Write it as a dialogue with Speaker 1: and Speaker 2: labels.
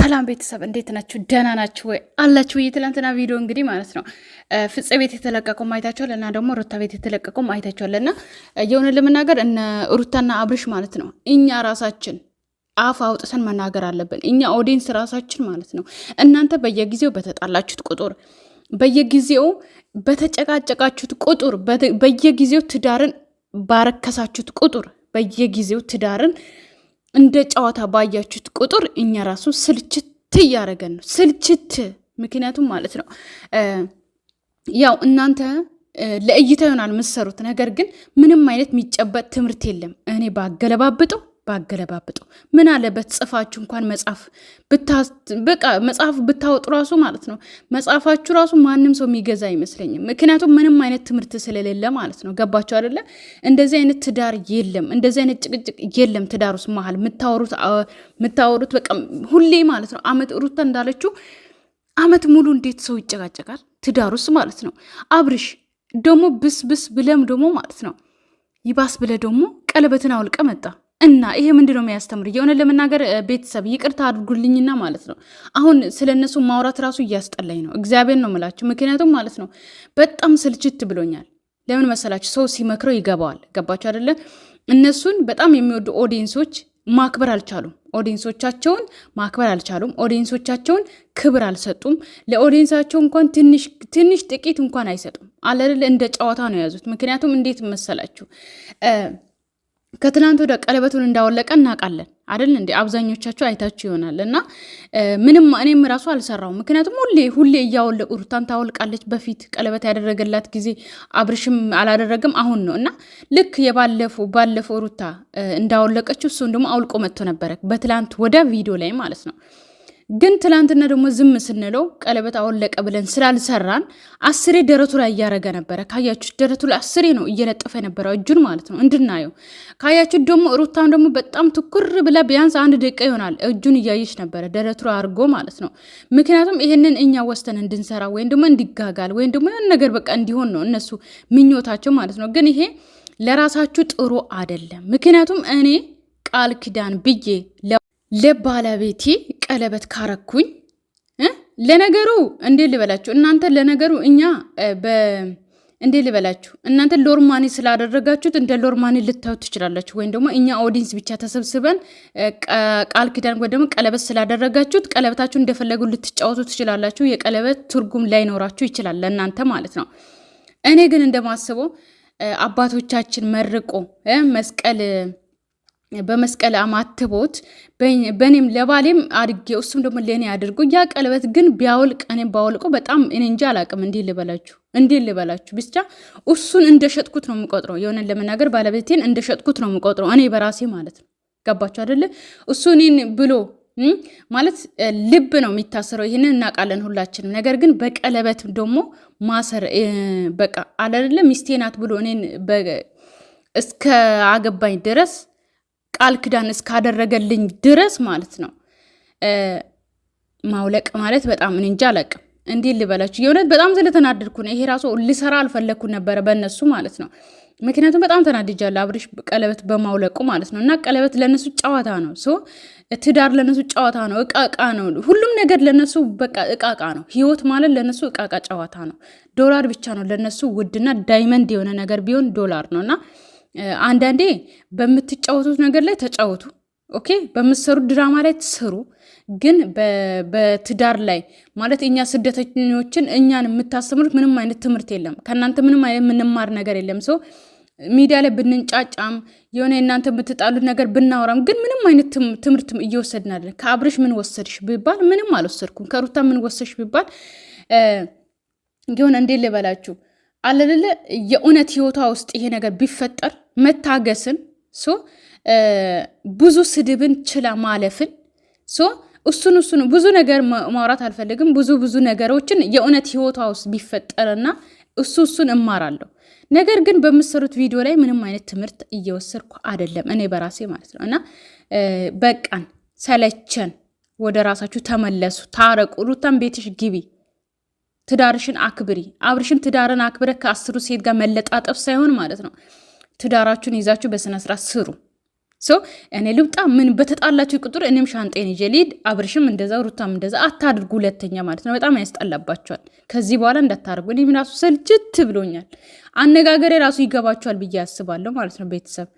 Speaker 1: ሰላም ቤተሰብ እንዴት ናችሁ? ደህና ናችሁ ወይ? አላችሁ የትላንትና ቪዲዮ እንግዲህ ማለት ነው ፍፄ ቤት የተለቀቀውም አይታችኋል እና ደግሞ ሩታ ቤት የተለቀቀውም አይታችኋል። እና የሆነ ለመናገር እነ ሩታና አብርሽ ማለት ነው እኛ ራሳችን አፍ አውጥተን መናገር አለብን። እኛ ኦዲንስ ራሳችን ማለት ነው። እናንተ በየጊዜው በተጣላችሁት ቁጥር በየጊዜው በተጨቃጨቃችሁት ቁጥር በየጊዜው ትዳርን ባረከሳችሁት ቁጥር በየጊዜው ትዳርን እንደ ጨዋታ ባያችሁት ቁጥር እኛ ራሱ ስልችት እያደረገን ነው። ስልችት ምክንያቱም ማለት ነው ያው እናንተ ለእይታ ይሆናል የምትሰሩት ነገር ግን ምንም አይነት የሚጨበጥ ትምህርት የለም። እኔ ባገለባብጠው ባገለባብጡ ምን አለበት? ጽፋችሁ እንኳን መጽሐፍ በቃ መጽሐፍ ብታወጡ ራሱ ማለት ነው መጽሐፋችሁ ራሱ ማንም ሰው የሚገዛ አይመስለኝም። ምክንያቱም ምንም አይነት ትምህርት ስለሌለ ማለት ነው። ገባችሁ አይደለ? እንደዚህ አይነት ትዳር የለም፣ እንደዚህ አይነት ጭቅጭቅ የለም። ትዳር ውስጥ መሀል የምታወሩት በቃ ሁሌ ማለት ነው። አመት ሩታ እንዳለችው አመት ሙሉ እንዴት ሰው ይጨቃጨቃል? ትዳር ውስጥ ማለት ነው። አብርሽ ደግሞ ብስ ብስ ብለም ደግሞ ማለት ነው ይባስ ብለ ደግሞ ቀለበትን አውልቀ መጣ። እና ይሄ ምንድን ነው የሚያስተምር? የሆነ ለመናገር ቤተሰብ ይቅርታ አድርጉልኝና ማለት ነው አሁን ስለ እነሱ ማውራት ራሱ እያስጠላኝ ነው። እግዚአብሔር ነው የምላችሁ። ምክንያቱም ማለት ነው በጣም ስልችት ብሎኛል። ለምን መሰላችሁ? ሰው ሲመክረው ይገባዋል። ገባችሁ አይደለ? እነሱን በጣም የሚወዱ ኦዲየንሶች ማክበር አልቻሉም። ኦዲየንሶቻቸውን ማክበር አልቻሉም። ኦዲየንሶቻቸውን ክብር አልሰጡም። ለኦዲየንሳቸው እንኳን ትንሽ ጥቂት እንኳን አይሰጡም። አለል እንደ ጨዋታ ነው የያዙት። ምክንያቱም እንዴት መሰላችሁ ከትላንት ወደ ቀለበቱን እንዳወለቀ እናውቃለን አይደል እንዲ አብዛኞቻቸው አይታችሁ ይሆናል። እና ምንም እኔም ራሱ አልሰራው፣ ምክንያቱም ሁሌ ሁሌ እያወለቁ ሩታን ታወልቃለች። በፊት ቀለበት ያደረገላት ጊዜ አብርሽም አላደረግም፣ አሁን ነው። እና ልክ የባለፈው ባለፈው ሩታ እንዳወለቀችው እሱን ደግሞ አውልቆ መጥቶ ነበረ፣ በትላንት ወደ ቪዲዮ ላይ ማለት ነው። ግን ትላንትና ደግሞ ዝም ስንለው ቀለበት አወለቀ ብለን ስላልሰራን አስሬ ደረቱ ላይ እያረገ ነበረ። ካያችሁ ደረቱ ላይ አስሬ ነው እየለጠፈ የነበረው እጁን ማለት ነው እንድናየው። ካያችሁ ደግሞ ሩታም ደግሞ በጣም ትኩር ብላ ቢያንስ አንድ ደቂቃ ይሆናል እጁን እያየች ነበረ ደረቱ ላይ አድርጎ ማለት ነው። ምክንያቱም ይሄንን እኛ ወስተን እንድንሰራ ወይም ደግሞ እንዲጋጋል ወይም ደግሞ ያን ነገር በቃ እንዲሆን ነው እነሱ ምኞታቸው ማለት ነው። ግን ይሄ ለራሳችሁ ጥሩ አይደለም። ምክንያቱም እኔ ቃል ኪዳን ብዬ ለባለቤቴ ቀለበት ካረኩኝ ለነገሩ እንዴ ልበላችሁ እናንተ ለነገሩ እኛ እንዴ ልበላችሁ እናንተ ሎርማኒ ስላደረጋችሁት እንደ ሎርማኒ ልታዩት ትችላላችሁ። ወይም ደግሞ እኛ ኦዲንስ ብቻ ተሰብስበን ቃል ኪዳን ወይ ደግሞ ቀለበት ስላደረጋችሁት ቀለበታችሁ እንደፈለጉ ልትጫወቱ ትችላላችሁ። የቀለበት ትርጉም ላይኖራችሁ ይችላል ለእናንተ ማለት ነው። እኔ ግን እንደማስበው አባቶቻችን መርቆ መስቀል በመስቀል አማትቦት በእኔም ለባሌም አድጌ እሱም ደግሞ ለእኔ አድርጎ ያ ቀለበት ግን ቢያወልቅ እኔም ባወልቆ በጣም እኔ እንጂ አላቅም። እንዲህ ልበላችሁ እንዲህ ልበላችሁ ብቻ እሱን እንደሸጥኩት ነው የምቆጥረው። የሆነን ለመናገር ባለቤቴን እንደሸጥኩት ነው የምቆጥረው እኔ በራሴ ማለት ነው። ገባችሁ አደለ? እሱ እኔን ብሎ ማለት ልብ ነው የሚታሰረው። ይህንን እናውቃለን ሁላችንም። ነገር ግን በቀለበት ደግሞ ማሰር በቃ አላደለ ሚስቴ ናት ብሎ እኔን እስከ አገባኝ ድረስ ቃል ክዳን እስካደረገልኝ ድረስ ማለት ነው። ማውለቅ ማለት በጣም እንጃ አላቅም። እንዲህ ልበላችሁ የእውነት በጣም ስለተናደድኩ ነው። ይሄ ራሱ ልሰራ አልፈለግኩ ነበረ በእነሱ ማለት ነው። ምክንያቱም በጣም ተናድጃለሁ አብርሽ ቀለበት በማውለቁ ማለት ነው። እና ቀለበት ለነሱ ጨዋታ ነው። ሶ ትዳር ለነሱ ጨዋታ ነው፣ እቃቃ ነው። ሁሉም ነገር ለነሱ በቃ እቃቃ ነው። ህይወት ማለት ለነሱ እቃቃ እቃ ጨዋታ ነው። ዶላር ብቻ ነው ለነሱ ውድና ዳይመንድ የሆነ ነገር ቢሆን ዶላር ነው እና አንዳንዴ በምትጫወቱት ነገር ላይ ተጫወቱ። ኦኬ፣ በምትሰሩት ድራማ ላይ ትሰሩ። ግን በትዳር ላይ ማለት እኛ ስደተኞችን እኛን የምታስተምሩት ምንም አይነት ትምህርት የለም። ከእናንተ ምንም አይነት የምንማር ነገር የለም። ሰው ሚዲያ ላይ ብንንጫጫም የሆነ እናንተ የምትጣሉት ነገር ብናወራም ግን ምንም አይነት ትምህርት እየወሰድናለን። ከአብርሽ ምን ወሰድሽ ቢባል ምንም አልወሰድኩም። ከሩታ ምን ወሰድሽ ቢባል የሆነ እንዴት ልበላችሁ አለልለ የእውነት ህይወቷ ውስጥ ይሄ ነገር ቢፈጠር መታገስን ሶ ብዙ ስድብን ችላ ማለፍን ሶ እሱን እሱን ብዙ ነገር ማውራት አልፈልግም። ብዙ ብዙ ነገሮችን የእውነት ህይወቷ ውስጥ ቢፈጠርና እሱ እሱን እማራለሁ። ነገር ግን በምሰሩት ቪዲዮ ላይ ምንም አይነት ትምህርት እየወሰድኩ አይደለም፣ እኔ በራሴ ማለት ነው። እና በቃን፣ ሰለቸን፣ ወደ ራሳችሁ ተመለሱ፣ ታረቁ፣ ሩታን ቤትሽ ግቢ። ትዳርሽን አክብሪ። አብርሽም ትዳርን አክብረ ከአስሩ ሴት ጋር መለጣጠፍ ሳይሆን ማለት ነው ትዳራችሁን ይዛችሁ በስነስርዓት ስሩ። ሶ እኔ ልውጣ ምን በተጣላችሁ ቁጥር እኔም ሻንጤን ይዤ ልሂድ፣ አብርሽም እንደዛ ሩታም እንደዛ አታድርጉ። ሁለተኛ ማለት ነው በጣም ያስጠላባቸዋል። ከዚህ በኋላ እንዳታደርጉ። እኔም ራሱ ሰልችት ብሎኛል። አነጋገሬ ራሱ ይገባቸዋል ብዬ አስባለሁ ማለት ነው ቤተሰብ